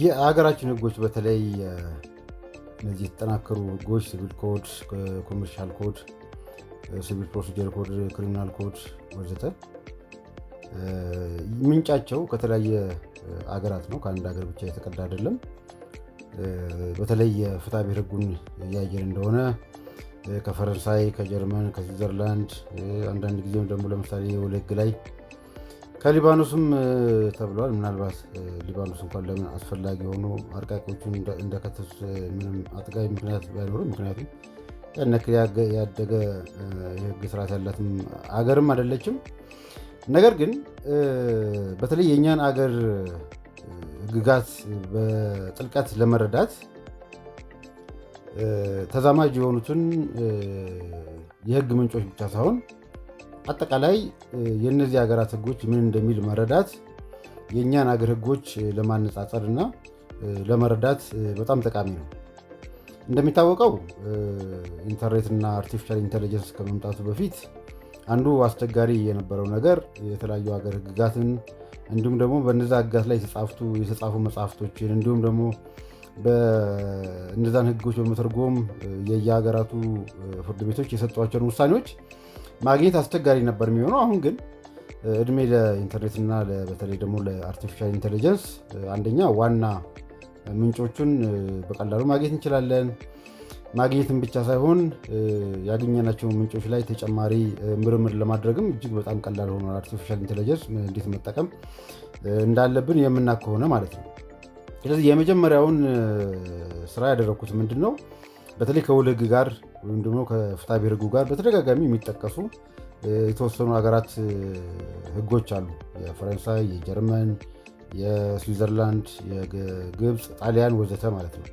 የሀገራችን ህጎች በተለይ እነዚህ የተጠናከሩ ህጎች ሲቪል ኮድ፣ ኮመርሻል ኮድ፣ ሲቪል ፕሮሲጀር ኮድ፣ ክሪሚናል ኮድ ወዘተ ምንጫቸው ከተለያየ አገራት ነው። ከአንድ ሀገር ብቻ የተቀዳ አይደለም። በተለይ የፍትሐ ብሔር ህጉን እያየን እንደሆነ ከፈረንሳይ፣ ከጀርመን፣ ከስዊዘርላንድ አንዳንድ ጊዜም ደግሞ ለምሳሌ ወለ ላይ ከሊባኖስም ተብሏል። ምናልባት ሊባኖስ እንኳን ለምን አስፈላጊ የሆኑ አርቃቂዎቹን እንደከተቱት ምንም አጥጋቢ ምክንያት ባይኖርም ምክንያቱም ያን ያደገ የህግ ስርዓት ያላትም አገርም አይደለችም። ነገር ግን በተለይ የእኛን አገር ህግጋት በጥልቀት ለመረዳት ተዛማጅ የሆኑትን የህግ ምንጮች ብቻ ሳይሆን አጠቃላይ የእነዚህ ሀገራት ህጎች ምን እንደሚል መረዳት የእኛን ሀገር ህጎች ለማነጻጸር እና ለመረዳት በጣም ጠቃሚ ነው። እንደሚታወቀው ኢንተርኔት እና አርቲፊሻል ኢንቴሊጀንስ ከመምጣቱ በፊት አንዱ አስቸጋሪ የነበረው ነገር የተለያዩ ሀገር ህግጋትን እንዲሁም ደግሞ በነዛ ህግጋት ላይ የተጻፉ መጽሐፍቶችን እንዲሁም ደግሞ በእነዛን ህጎች በመተርጎም የየሀገራቱ ፍርድ ቤቶች የሰጧቸውን ውሳኔዎች ማግኘት አስቸጋሪ ነበር የሚሆነው። አሁን ግን እድሜ ለኢንተርኔትና በተለይ ደግሞ ለአርቲፊሻል ኢንቴሊጀንስ አንደኛ ዋና ምንጮቹን በቀላሉ ማግኘት እንችላለን። ማግኘትም ብቻ ሳይሆን ያገኘናቸው ምንጮች ላይ ተጨማሪ ምርምር ለማድረግም እጅግ በጣም ቀላል ሆኗል። አርቲፊሻል ኢንቴሊጀንስ እንዴት መጠቀም እንዳለብን የምናከሆነ ከሆነ ማለት ነው። ስለዚህ የመጀመሪያውን ስራ ያደረግኩት ምንድን ነው በተለይ ከውልግ ጋር ወይም ደግሞ ከፍትሐብሔር ሕጉ ጋር በተደጋጋሚ የሚጠቀሱ የተወሰኑ ሀገራት ህጎች አሉ። የፈረንሳይ፣ የጀርመን፣ የስዊዘርላንድ፣ የግብፅ፣ ጣሊያን ወዘተ ማለት ነው።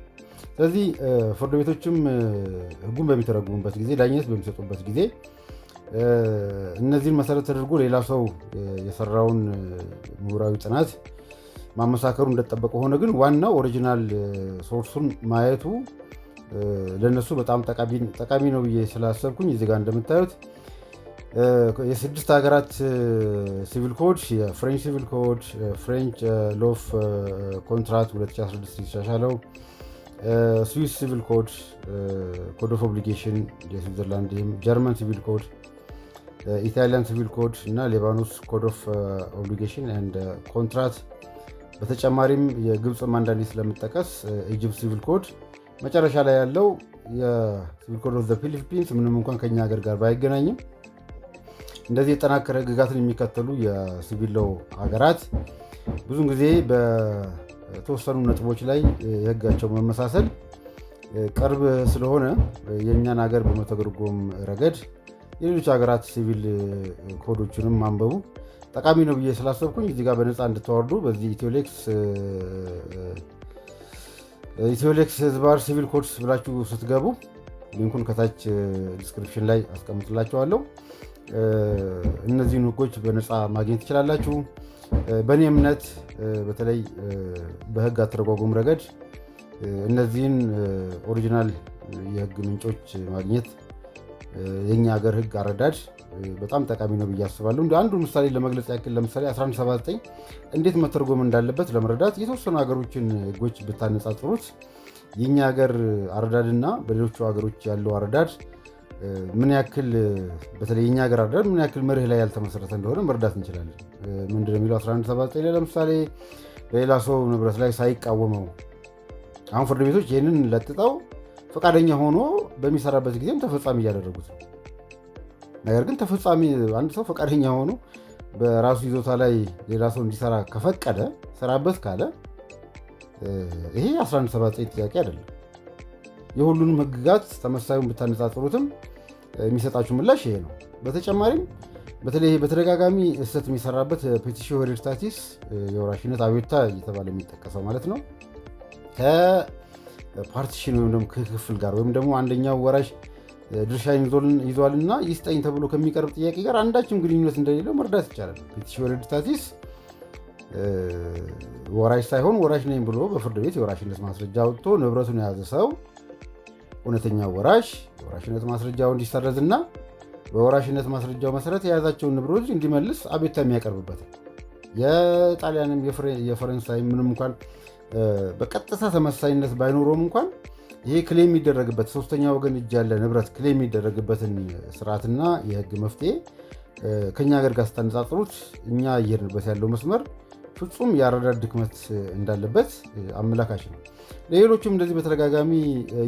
ስለዚህ ፍርድ ቤቶችም ህጉን በሚተረጉሙበት ጊዜ፣ ዳኝነት በሚሰጡበት ጊዜ እነዚህን መሰረት ተደርጎ ሌላ ሰው የሰራውን ምሁራዊ ጥናት ማመሳከሩ እንደተጠበቀ ሆነ፣ ግን ዋናው ኦሪጂናል ሶርሱን ማየቱ ለነሱ በጣም ጠቃሚ ነው ብዬ ስላሰብኩኝ እዚህ ጋር እንደምታዩት የስድስት ሀገራት ሲቪል ኮድ የፍሬንች ሲቪል ኮድ ፍሬንች ሎፍ ኮንትራት 2016 ይሻሻለው ስዊስ ሲቪል ኮድ ኮድ ኦፍ ኦብሊጌሽን የስዊዘርላንድ ጀርመን ሲቪል ኮድ ኢታሊያን ሲቪል ኮድ እና ሌባኖስ ኮድ ኦፍ ኦብሊጌሽን ንድ ኮንትራት በተጨማሪም የግብፅም አንዳንዴ ስለምጠቀስ ኢጅፕት ሲቪል ኮድ መጨረሻ ላይ ያለው የሲቪል ኮድ ኦፍ ዘ ፊሊፒንስ ምንም እንኳን ከኛ ሀገር ጋር ባይገናኝም እንደዚህ የጠናከረ ሕግጋትን የሚከተሉ የሲቪል ሎው ሀገራት ብዙን ጊዜ በተወሰኑ ነጥቦች ላይ የህጋቸው መመሳሰል ቅርብ ስለሆነ የእኛን ሀገር በመተርጎም ረገድ የሌሎች ሀገራት ሲቪል ኮዶችንም ማንበቡ ጠቃሚ ነው ብዬ ስላሰብኩኝ እዚህ ጋር በነፃ እንድታወርዱ በዚህ ኢትዮሌክስ ኢትዮሌክስ ህዝባር ሲቪል ኮድስ ብላችሁ ስትገቡ ሊንኩን ከታች ዲስክሪፕሽን ላይ አስቀምጥላችኋለሁ። እነዚህን ህጎች በነፃ ማግኘት ትችላላችሁ። በእኔ እምነት በተለይ በህግ አተረጓጎም ረገድ እነዚህን ኦሪጂናል የህግ ምንጮች ማግኘት የእኛ ሀገር ህግ አረዳድ በጣም ጠቃሚ ነው ብዬ አስባለሁ። እንደ አንዱ ምሳሌ ለመግለጽ ያክል ለምሳሌ 1179 እንዴት መተርጎም እንዳለበት ለመረዳት የተወሰኑ ሀገሮችን ህጎች ብታነጻጽሩት የእኛ ሀገር አረዳድና በሌሎቹ ሀገሮች ያለው አረዳድ ምን ያክል በተለይ የኛ ሀገር አረዳድ ምን ያክል መርህ ላይ ያልተመሰረተ እንደሆነ መረዳት እንችላለን። ምንድ ነው የሚለው 1179 ላይ ለምሳሌ በሌላ ሰው ንብረት ላይ ሳይቃወመው አሁን ፍርድ ቤቶች ይህንን ለጥጠው ፈቃደኛ ሆኖ በሚሰራበት ጊዜም ተፈጻሚ እያደረጉት ነው። ነገር ግን ተፈጻሚ አንድ ሰው ፈቃደኛ ሆኖ በራሱ ይዞታ ላይ ሌላ ሰው እንዲሰራ ከፈቀደ ሰራበት ካለ ይሄ 1179 ጥያቄ አይደለም። የሁሉንም ህግጋት ተመሳዩን ብታነጻጽሩትም የሚሰጣችሁ ምላሽ ይሄ ነው። በተጨማሪም በተለይ በተደጋጋሚ እሰት የሚሰራበት ፔቲሽዮ ሄሬዲታቲስ የወራሽነት አቤቱታ እየተባለ የሚጠቀሰው ማለት ነው ከፓርቲሽን ወይም ደግሞ ከክፍል ጋር ወይም ደግሞ አንደኛው ወራሽ ድርሻን ይዟል ይስጠኝ ተብሎ ከሚቀርብ ጥያቄ ጋር አንዳችም ግንኙነት እንደሌለው መርዳት ይቻላል። ቤትሽ ወረድታሲስ ወራሽ ሳይሆን ወራሽ ነኝ ብሎ በፍርድ ቤት የወራሽነት ማስረጃ አውጥቶ ንብረቱን የያዘ ሰው እውነተኛ ወራሽ የወራሽነት ማስረጃው እንዲሰረዝ በወራሽነት ማስረጃው መሰረት የያዛቸውን ንብረቶች እንዲመልስ አቤቱታ የሚያቀርብበት የጣሊያንም የፈረንሳይም ምንም እንኳን በቀጥታ ተመሳሳይነት ባይኖረውም እንኳን ይህ ክሌም የሚደረግበት ሶስተኛ ወገን እጅ ያለ ንብረት ክሌም የሚደረግበትን ስርዓትና የህግ መፍትሄ ከኛ ሀገር ጋር ስታነጻጽሩት እኛ እየሄድንበት ያለው መስመር ፍጹም የአረዳድ ድክመት እንዳለበት አመላካች ነው። ለሌሎችም እንደዚህ በተደጋጋሚ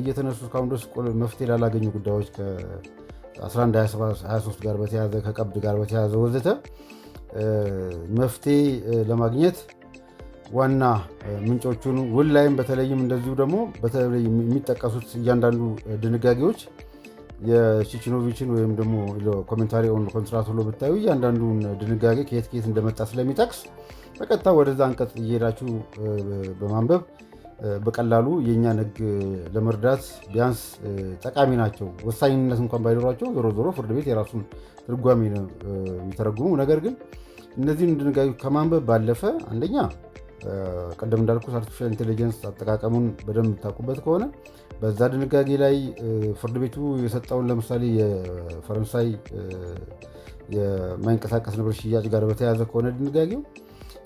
እየተነሱ እስካሁን ድረስ መፍትሄ ላላገኙ ጉዳዮች ከ1123 ጋር በተያያዘ ከቀብድ ጋር በተያያዘ ወዘተ መፍትሄ ለማግኘት ዋና ምንጮቹን ውል ላይም በተለይም እንደዚሁ ደግሞ በተለይ የሚጠቀሱት እያንዳንዱ ድንጋጌዎች የቺችኖቪችን ወይም ደግሞ ኮሜንታሪ ኦን ኮንትራት ሎ ብታዩ እያንዳንዱን ድንጋጌ ከየት ከየት እንደመጣ ስለሚጠቅስ በቀጥታ ወደዛ አንቀጽ እየሄዳችሁ በማንበብ በቀላሉ የእኛ ንግ ለመርዳት ቢያንስ ጠቃሚ ናቸው። ወሳኝነት እንኳን ባይኖራቸው ዞሮ ዞሮ ፍርድ ቤት የራሱን ትርጓሜ ነው የሚተረጉሙ። ነገር ግን እነዚህን ድንጋጌ ከማንበብ ባለፈ አንደኛ ቅድም እንዳልኩ አርቲፊሻል ኢንቴሊጀንስ አጠቃቀሙን በደንብ ታውቁበት ከሆነ በዛ ድንጋጌ ላይ ፍርድ ቤቱ የሰጠውን ለምሳሌ የፈረንሳይ የማይንቀሳቀስ ንብረት ሽያጭ ጋር በተያያዘ ከሆነ ድንጋጌው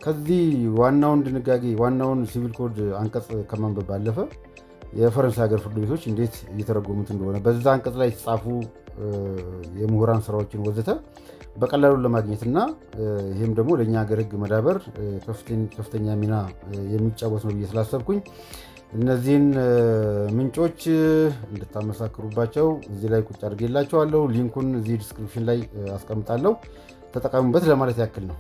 ከዚህ ዋናውን ድንጋጌ ዋናውን ሲቪል ኮድ አንቀጽ ከማንበብ ባለፈ የፈረንሳይ ሀገር ፍርድ ቤቶች እንዴት እየተረጎሙት እንደሆነ በዛ አንቀጽ ላይ የተጻፉ የምሁራን ስራዎችን ወዘተ በቀላሉ ለማግኘት እና ይህም ደግሞ ለእኛ ሀገር ህግ መዳበር ከፍተኛ ሚና የሚጫወት ነው ብዬ ስላሰብኩኝ እነዚህን ምንጮች እንድታመሳክሩባቸው እዚህ ላይ ቁጭ አድርጌላቸዋለሁ። ሊንኩን እዚህ ዲስክሪፕሽን ላይ አስቀምጣለሁ። ተጠቀሙበት ለማለት ያክል ነው።